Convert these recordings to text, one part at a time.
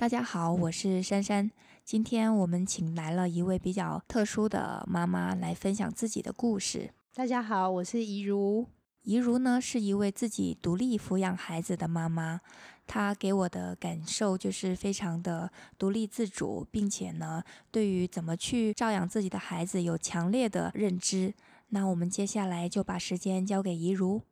大家好，我是珊珊。今天我們請來了一位比較特殊的媽媽來分享自己的故事。大家好，我是怡如。怡如呢，是一位自己獨立撫養孩子的媽媽，她給我的感受就是非常的獨立自主，並且呢，對於怎麼去照養自己的孩子有強烈的認知。那我們接下來就把時間交給怡如。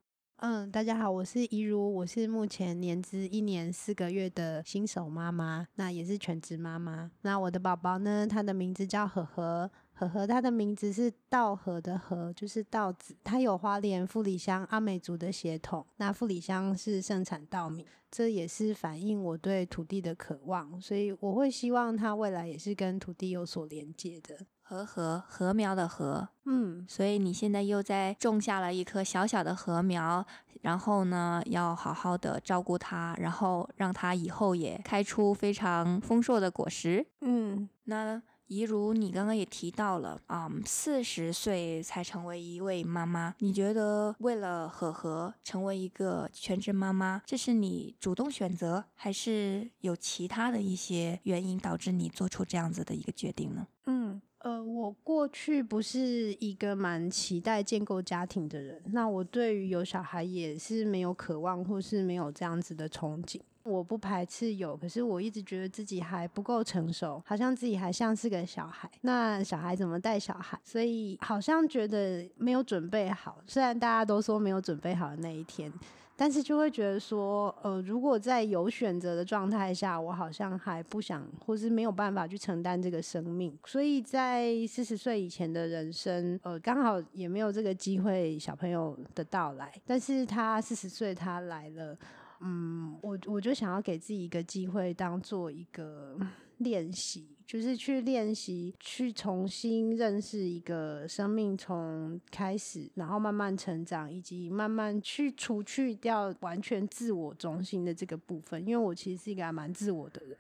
嗯，大家好，我是怡如，我是目前年資一年四個月的新手媽媽，那也是全職媽媽。那我的寶寶呢，他的名字叫禾禾，禾禾，禾禾他的名字是稻禾的禾，就是稻子。他有花蓮、富里鄉、阿美族的血統。那富里鄉是盛產稻米，這也是反映我對土地的渴望，所以我會希望他未來也是跟土地有所連接的。禾禾，禾苗的禾，嗯，所以你現在又在種下了一棵小小的禾苗，然後呢，要好好的照顧它，然後讓它以後也開出非常豐碩的果實。嗯，那怡如你剛剛也提到了啊，um, 四十歲才成為一位媽媽，你覺得為了禾禾成為一個全職媽媽，這是你主動選擇，還是有其他的一些原因導致你做出這樣子的一個決定呢？嗯。呃，我過去不是一個蠻期待建構家庭的人，那我對於有小孩也是沒有渴望，或是沒有這樣子的憧憬。我不排斥有，可是我一直覺得自己還不夠成熟，好像自己還像是個小孩。那小孩怎麼帶小孩？所以好像覺得沒有準備好。雖然大家都說沒有準備好的那一天。但是就會覺得說，呃，如果在有選擇的狀態下，我好像還不想，或是沒有辦法去承擔這個生命。所以在四十歲以前的人生，呃，剛好也沒有這個機會，小朋友的到來。但是他四十歲，他來了，嗯，我我就想要給自己一個機會，當做一個。練習，就是去練習，去重新認識一個生命，從開始，然後慢慢成長，以及慢慢去除去掉完全自我中心的這個部分。因為我其實是一個蠻自我的人，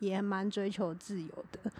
也蠻追求自由的。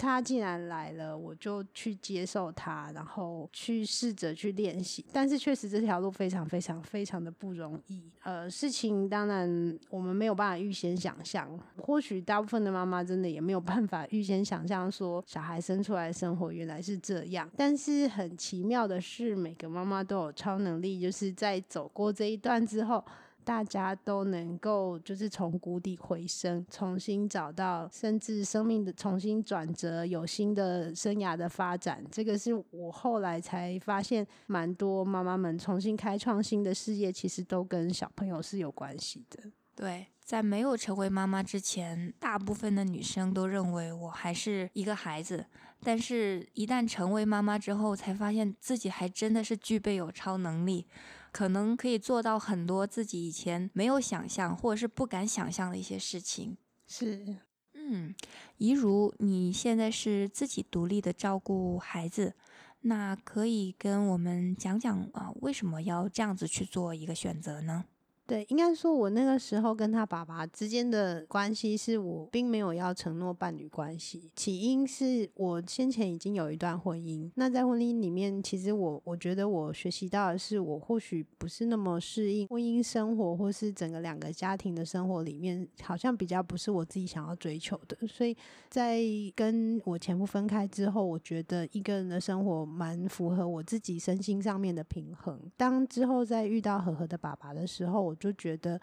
他既然來了，我就去接受他，然後去試着去練習。但是確實這條路非常非常非常的不容易。呃，事情當然我們沒有辦法預先想象，或許大部分的媽媽真的也沒有辦法預先想象說小孩生出來生活原來是這樣。但是很奇妙的是，每個媽媽都有超能力，就是在走過這一段之後。大家都能夠就是從谷底回升，重新找到甚至生命的重新轉折，有新的生涯的發展。這個是我後來才發現，蠻多媽媽們重新開創新的事業，其實都跟小朋友是有關係的。對，在沒有成為媽媽之前，大部分的女生都認為我還是一個孩子，但是一旦成為媽媽之後，才發現自己還真的是具備有超能力。可能可以做到很多自己以前沒有想象或者是不敢想象的一些事情，是，嗯，怡如你現在是自己獨立的照顧孩子，那可以跟我們講講啊，為什麼要這樣子去做一個選擇呢？對，應該說，我那個時候跟他爸爸之間的關係，是我並沒有要承諾伴侶關係。起因是我先前已經有一段婚姻，那在婚姻裡面，其實我我覺得我學習到的是，我或許不是那麼適應婚姻生活，或是整個兩個家庭的生活裡面，好像比較不是我自己想要追求的。所以在跟我前夫分開之後，我覺得一個人的生活蠻符合我自己身心上面的平衡。當之後再遇到和和的爸爸的時候，就覺得。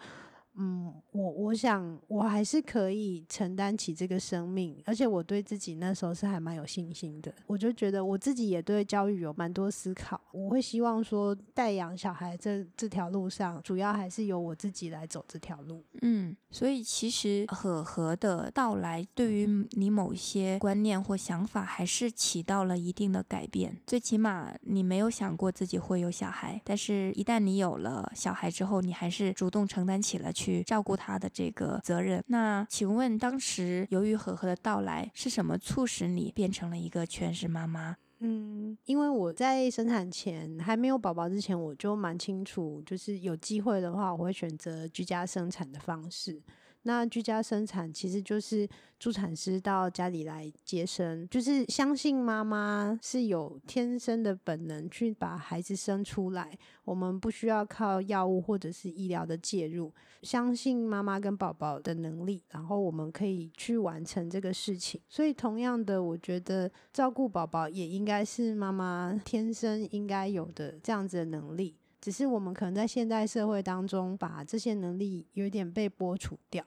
嗯，我我想我還是可以承擔起這個生命，而且我對自己那時候是還蠻有信心的。我就覺得我自己也對教育有蠻多思考。我會希望說，帶養小孩這這條路上，主要還是由我自己來走這條路。嗯，所以其實和和的到來，對於你某些觀念或想法還是起到了一定的改變。最起碼你沒有想過自己會有小孩，但是一旦你有了小孩之後，你還是主動承擔起了去。去照顧他的這個責任。那請問，當時由於何何的到來，是什麼促使你變成了一個全職媽媽？嗯，因為我在生產前還沒有寶寶之前，我就蠻清楚，就是有機會的話，我會選擇居家生產的方式。那居家生產其實就是助產師到家裡來接生，就是相信媽媽是有天生的本能去把孩子生出來，我們不需要靠藥物或者是醫療的介入，相信媽媽跟寶寶的能力，然後我們可以去完成這個事情。所以同樣的，我覺得照顧寶寶也應該是媽媽天生應該有的這樣子的能力。只是我們可能在現代社會當中，把這些能力有點被剝除掉，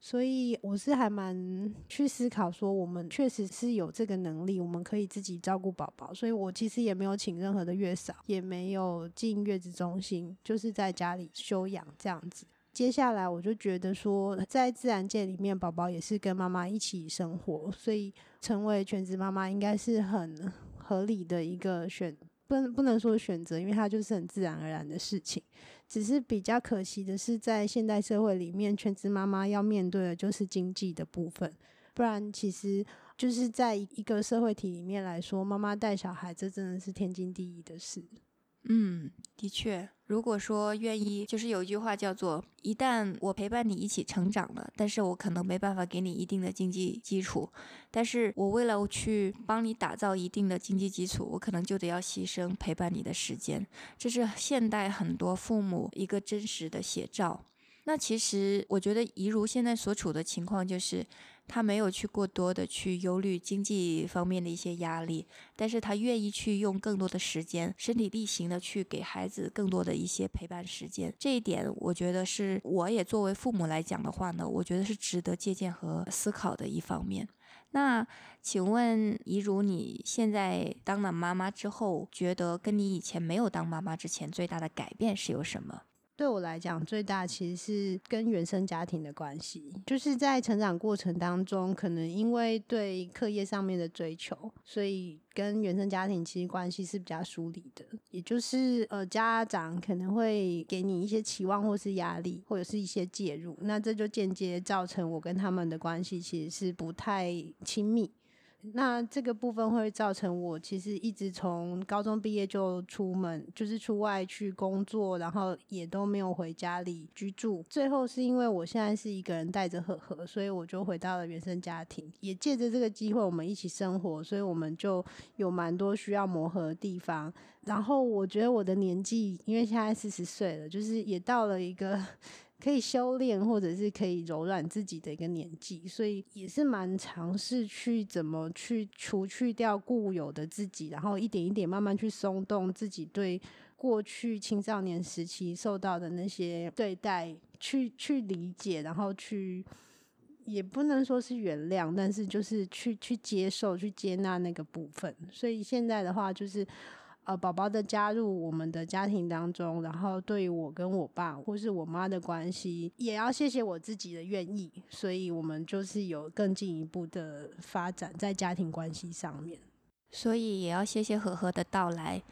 所以我是還蠻去思考說，我們確實是有這個能力，我們可以自己照顧寶寶，所以我其實也沒有請任何的月嫂，也沒有進月子中心，就是在家裡休養這樣子。接下來我就覺得說，在自然界裡面，寶寶也是跟媽媽一起生活，所以成為全職媽媽應該是很合理的一個選擇。不不能說選擇，因為它就是很自然而然的事情。只是比較可惜的是，在現代社會裡面，全職媽媽要面對的就是經濟的部分。不然，其實就是在一個社會體裡面來說，媽媽帶小孩這真的是天經地義的事。嗯，的確，如果說願意，就是有一句話叫做“一旦我陪伴你一起成長了，但是我可能沒辦法給你一定的經濟基礎，但是我為了去幫你打造一定的經濟基礎，我可能就得要犧牲陪伴你的時間”，這是現代很多父母一個真實的寫照。那其實我覺得怡如現在所處的情況就是。他沒有去過多的去憂慮經濟方面的一些壓力，但是他願意去用更多的時間身體力行的去給孩子更多的一些陪伴時間。這一點，我覺得是我也作為父母來講的話呢，我覺得是值得借鑒和思考的一方面。那請問，怡如，你現在當了媽媽之後，覺得跟你以前沒有當媽媽之前最大的改變是有什麼？對我來講，最大其實是跟原生家庭的關係，就是在成長過程當中，可能因為對課業上面的追求，所以跟原生家庭其實關係是比較疏離的。也就是呃，家長可能會給你一些期望，或是壓力，或者是一些介入，那這就間接造成我跟他們的關係其實是不太親密。那這個部分會造成我其實一直從高中畢業就出門，就是出外去工作，然後也都沒有回家裡居住。最後是因為我現在是一個人帶着赫赫，所以我就回到了原生家庭，也借着這個機會我們一起生活，所以我們就有蠻多需要磨合的地方。然後我覺得我的年紀，因為現在四十歲了，就是也到了一個。可以修煉，或者是可以柔軟自己的一個年紀，所以也是蠻嘗試去怎麼去除去掉固有的自己，然後一點一點慢慢去鬆動自己對過去青少年時期受到的那些對待，去去理解，然後去也不能說是原諒，但是就是去去接受、去接納那個部分。所以現在的話，就是。呃，寶寶的加入我們的家庭當中，然後對於我跟我爸或是我媽的關係，也要謝謝我自己的願意，所以我們就是有更進一步的發展在家庭關係上面。所以也要謝謝和和的到來。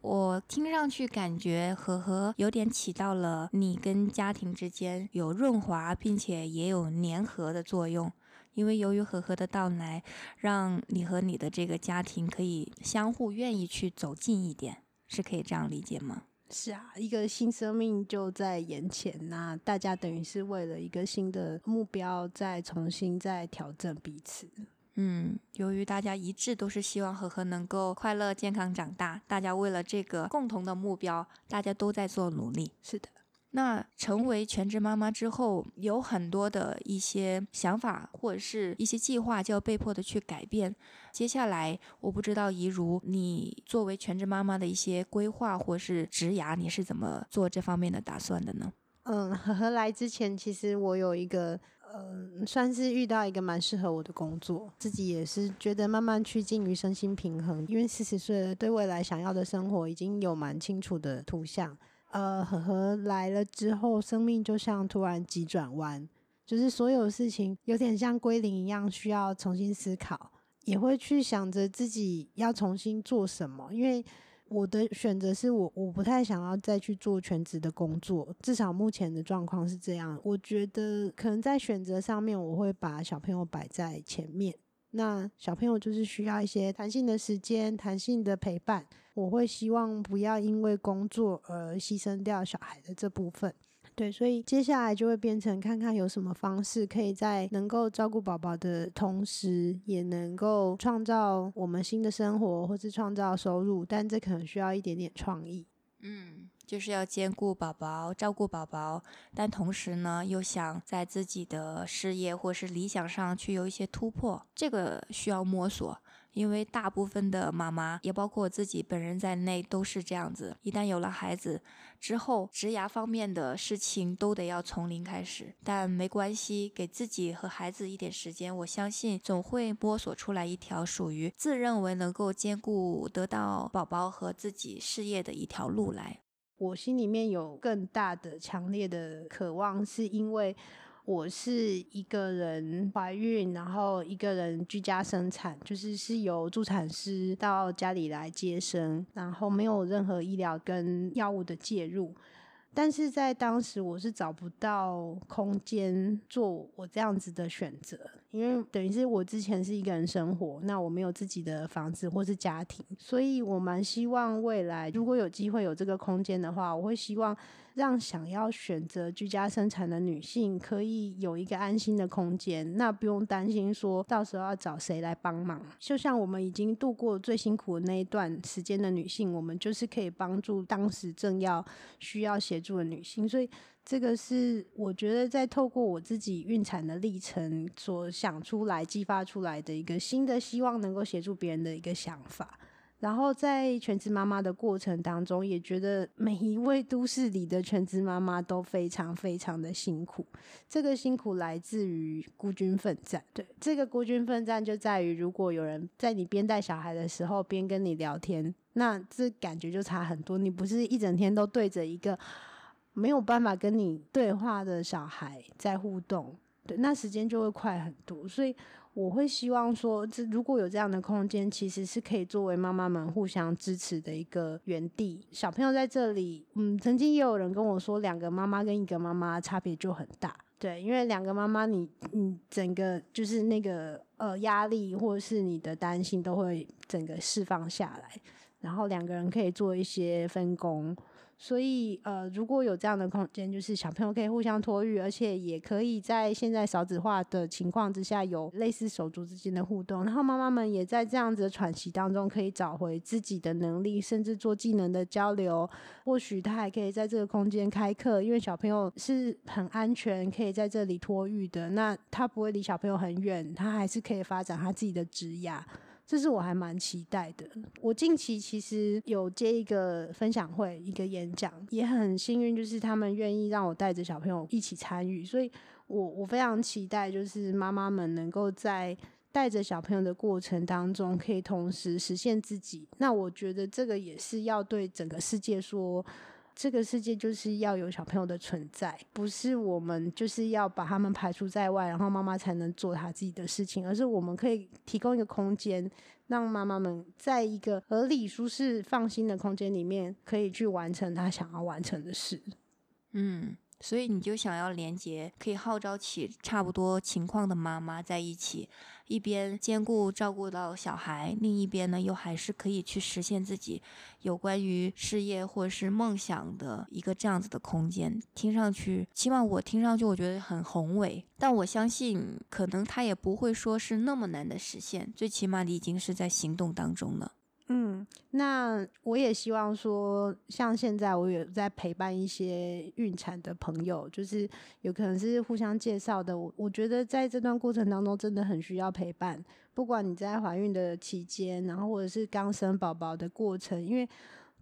我聽上去感覺和和有點起到了你跟家庭之間有潤滑，並且也有粘合的作用。因為由於和和的到來，讓你和你的這個家庭可以相互願意去走近一點，是可以這樣理解嗎？是啊，一個新生命就在眼前啊，那大家等於是為了一個新的目標再重新再調整彼此。嗯，由於大家一致都是希望和和能夠快樂健康長大，大家為了這個共同的目標，大家都在做努力。是的。那成為全職媽媽之後，有很多的一些想法，或者是一些計劃，就要被迫的去改變。接下來，我不知道怡如你作為全職媽媽的一些規劃，或是職涯，你是怎麼做這方面的打算的呢？嗯，和來之前其實我有一個，呃、嗯，算是遇到一個蠻適合我的工作，自己也是覺得慢慢趨近於身心平衡，因為四十歲對未來想要的生活已經有蠻清楚的圖像。呃，和和來了之後，生命就像突然急轉彎，就是所有事情有點像歸零一樣，需要重新思考，也會去想着自己要重新做什麼。因為我的選擇是我，我不太想要再去做全職的工作，至少目前的狀況是這樣。我覺得可能在選擇上面，我會把小朋友擺在前面。那小朋友就是需要一些彈性的時間、彈性的陪伴。我會希望不要因為工作而犧牲掉小孩的這部分。對，所以接下來就會變成看看有什麼方式可以在能夠照顧寶寶的同時，也能夠創造我們新的生活，或是創造收入。但這可能需要一點點創意。嗯。就是要兼顧寶寶，照顧寶寶，但同時呢，又想在自己的事業或是理想上去有一些突破，這個需要摸索。因為大部分的媽媽，也包括我自己本人在內，都是這樣子。一旦有了孩子之後，職涯方面的事情都得要從零開始。但沒關係，給自己和孩子一點時間，我相信總會摸索出來一條屬於自認為能夠兼顧得到寶寶和自己事業的一條路來。我心裡面有更大的、強烈的渴望，是因為我是一個人懷孕，然後一個人居家生產，就是是由助產師到家裡來接生，然後沒有任何醫療跟藥物的介入。但是在當時，我是找不到空間做我這樣子的選擇，因為等於是我之前是一個人生活，那我沒有自己的房子或是家庭，所以我蠻希望未來如果有機會有這個空間的話，我會希望讓想要選擇居家生產的女性可以有一個安心的空間，那不用擔心說到時候要找誰來幫忙。就像我們已經度過最辛苦的那一段時間的女性，我們就是可以幫助當時正要需要協。助的女性，所以這個是我覺得在透過我自己孕產的歷程所想出來、激發出來的一個新的希望，能夠協助別人的一個想法。然後在全職媽媽的過程當中，也覺得每一位都市裡的全職媽媽都非常非常的辛苦。這個辛苦來自於孤軍奮戰，對，這個孤軍奮戰就在於，如果有人在你邊帶小孩的時候邊跟你聊天，那這感覺就差很多。你不是一整天都對着一個。沒有辦法跟你對話的小孩在互動，對，那時間就會快很多。所以我會希望說，這如果有這樣的空間，其實是可以作為媽媽們互相支持的一個園地。小朋友在這裡，嗯，曾經也有人跟我說，兩個媽媽跟一個媽媽差別就很大，對，因為兩個媽媽你，你你整個就是那個呃壓力或是你的擔心都會整個釋放下來，然後兩個人可以做一些分工。所以，呃，如果有這樣的空間，就是小朋友可以互相托育，而且也可以在現在少子化的情況之下，有類似手足之間的互動。然後媽媽們也在這樣子的喘息當中，可以找回自己的能力，甚至做技能的交流。或許他還可以在這個空間開課，因為小朋友是很安全，可以在這裡托育的。那他不會離小朋友很遠，他還是可以發展他自己的職涯。這是我還蠻期待的。我近期其實有接一個分享會，一個演講，也很幸運，就是他們願意讓我帶着小朋友一起參與。所以我，我我非常期待，就是媽媽們能夠在帶着小朋友的過程當中，可以同時實現自己。那我覺得這個也是要對整個世界說。這個世界就是要有小朋友的存在，不是我們就是要把他們排除在外，然後媽媽才能做她自己的事情，而是我們可以提供一個空間，讓媽媽們在一個合理、舒適、放心的空間裡面，可以去完成她想要完成的事。嗯。所以你就想要連接，可以號召起差不多情況的媽媽在一起，一邊兼顧照顧到小孩，另一邊呢又還是可以去實現自己有關於事業或者是夢想的一個這樣子的空間。聽上去，起碼我聽上去我覺得很宏偉，但我相信可能他也不會說是那麼難的實現，最起碼你已經是在行動當中了。嗯，那我也希望說，像現在我有在陪伴一些孕產的朋友，就是有可能是互相介紹的。我我覺得在這段過程當中真的很需要陪伴，不管你在懷孕的期間，然後或者是剛生寶寶的過程，因為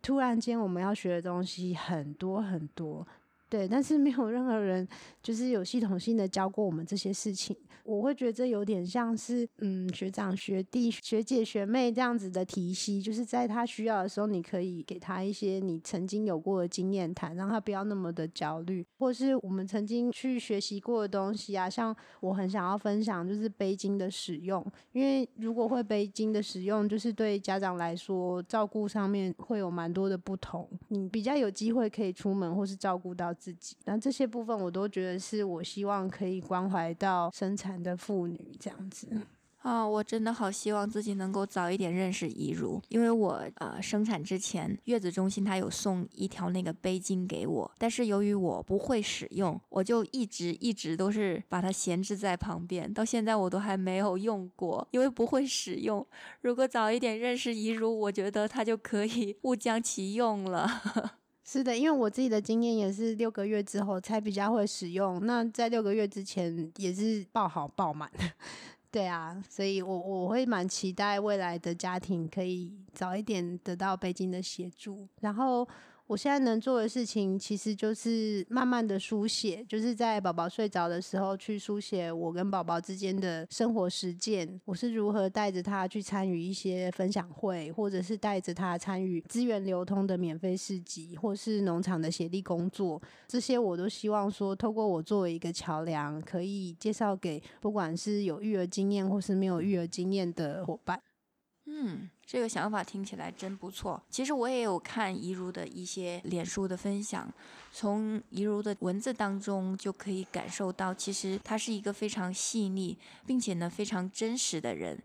突然間我們要學的東西很多很多。對，但是沒有任何人就是有系統性的教過我們這些事情。我會覺得這有點像是，嗯，學長、學弟、學姐、學妹這樣子的體系，就是在他需要的時候，你可以給他一些你曾經有過的經驗談，讓他不要那麼的焦慮，或是我們曾經去學習過的東西啊。像我很想要分享，就是背巾的使用，因為如果會背巾的使用，就是對家長來說，照顧上面會有蠻多的不同，你比較有機會可以出門或是照顧到自己，那這些部分我都覺得是我希望可以關懷到生產的婦女這樣子。啊，我真的好希望自己能夠早一點認識怡如，因為我呃生產之前，月子中心他有送一條那個背巾給我，但是由於我不會使用，我就一直一直都是把它閒置在旁邊，到現在我都還沒有用過，因為不會使用。如果早一點認識怡如，我覺得它就可以物盡其用了。 是的，因為我自己的經驗也是六個月之後才比較會使用。那在六個月之前也是爆好爆滿， 對啊，所以我我會蠻期待未來的家庭可以早一點得到北京的協助，然後。我現在能做的事情，其實就是慢慢的書寫，就是在寶寶睡着的時候去書寫我跟寶寶之間的生活實踐。我是如何帶着他去參與一些分享會，或者是帶着他參與資源流通的免費市集，或是農場的協力工作。這些我都希望說，透過我作為一個橋梁，可以介紹給不管是有育兒經驗或是沒有育兒經驗的夥伴。嗯。這個想法聽起來真不錯。其實我也有看怡如的一些臉書的分享，從怡如的文字當中就可以感受到，其實她是一個非常細膩，並且呢非常真實的人。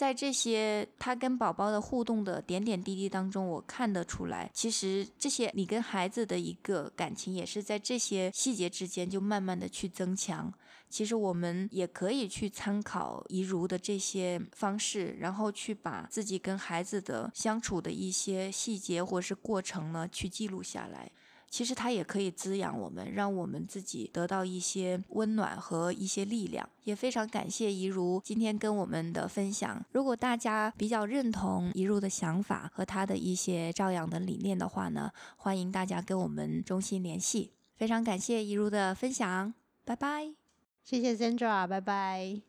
在這些他跟寶寶的互動的點點滴滴當中，我看得出來，其實這些你跟孩子的一個感情也是在這些細節之間就慢慢的去增強。其實我們也可以去參考怡如的這些方式，然後去把自己跟孩子的相處的一些細節或是過程呢，去記錄下來。其實它也可以滋養我們，讓我們自己得到一些溫暖和一些力量。也非常感謝怡如今天跟我們的分享。如果大家比較認同怡如的想法和她的一些照養的理念的話呢，歡迎大家跟我們中心聯繫。非常感謝怡如的分享，拜拜。謝謝 Zandra，拜拜。